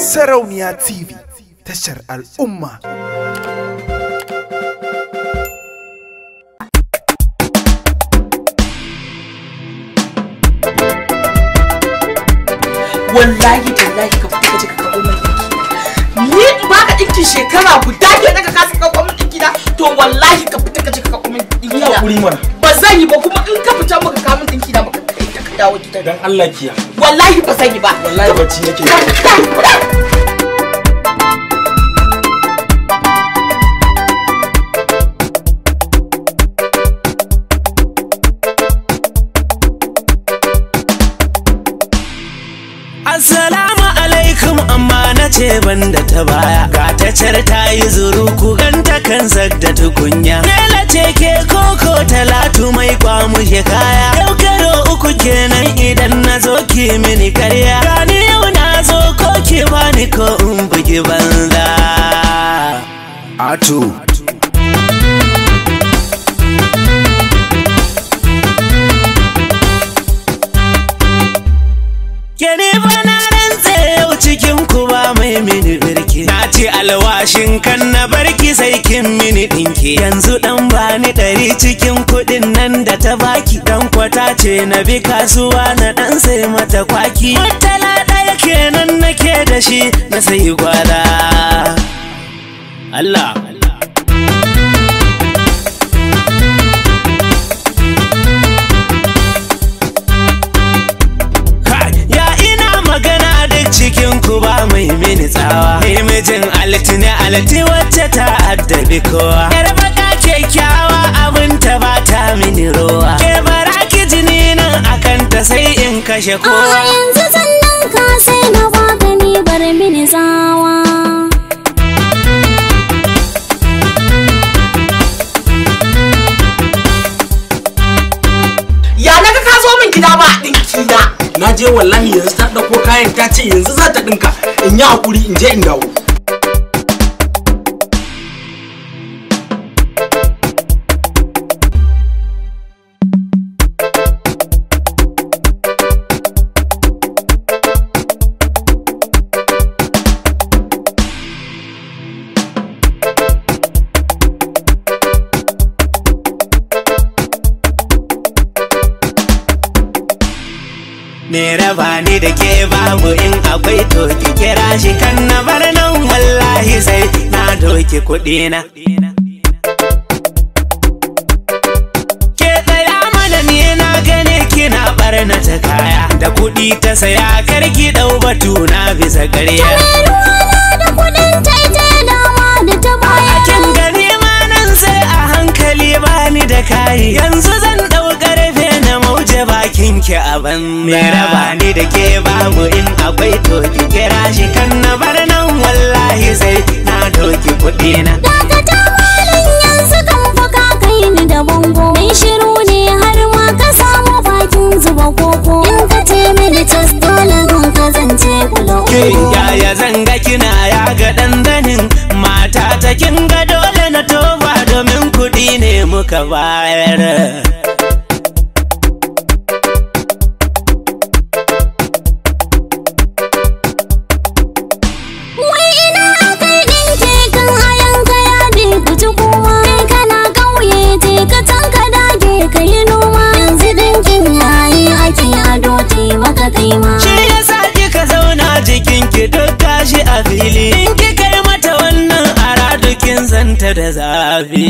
Sarauniya TV tashar al'umma. Wallahi tallahi ka fita ka kawo min ɗinki. Ni in ka ɗinkin shekara guda ke daga kasa kawo min ɗinki na to wallahi ka fita kaje ka kawo min ɗinki mana. Ba zan yi ba kuma dawo gidan dan Allah kiya wallahi ba sani ba wallahi bacci yake Assalamu alaikum amma na ce banda ta baya ga ta ta yi zuru ku ganta kan zag tukunya. Nela ce ke koko talatu mai kwamu kaya. Yau ki mini karya gani yau na zo ko ki bani ko in bugi banza atu Kene bana rantse yau cikin kuba mai mini birki Na ce alwashin kan na barki sai kin mini dinki Yanzu dan bani ɗari cikin kuɗin nan da ta baki ce na bi kasuwa na dan sai mata kwaki tala ɗaya kenan nake da shi na sai gwada Allah ku ba mai mini tsawa. mijin alti ne alti wacce ta addabi kowa. Yar baka kyakkyawa. kashe kowa a yanzu sannan ka sai na gani bar mini zawa ya naga ka zo min gida ba dinki na na je wallahi yanzu ta ɗauko kayan ta ce yanzu za ta dinka in yi hakuri in je in dawo Me raba ni da ke babu in akwai to ki kira shi kan na bar nan wallahi sai na doki kuɗi na. Ke tsaya mana ni na gane kina barna kaya da kuɗi ta saya karki ɗau batu na bisa ƙarya. ki a banza raba ni da ke babu in akwai to ki shi kan bar nan wallahi sai na doki kuɗi na Dakata malin yanzu kan fuka kai ni da bango Mai shiru ne har ma ka samu bakin zuba koko In ka ce mini dole gun ka zance kulo Yaya zanga kina ya ga ɗanɗanin mata ta kin ga dole na toba domin kuɗi ne muka bayar ka yi noma yanzu dangin yayi ake ado taimaka kai ma shi yasa kika zauna jikin ki duk kashi a fili in ki kai mata wannan ara dukin zanta da zafi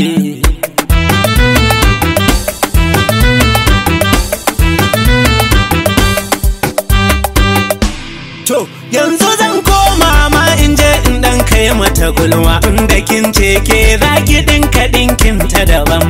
to yanzu zan koma ma in je in dan kai mata gulma inda kin ce ke zaki dinka dinkin ta daban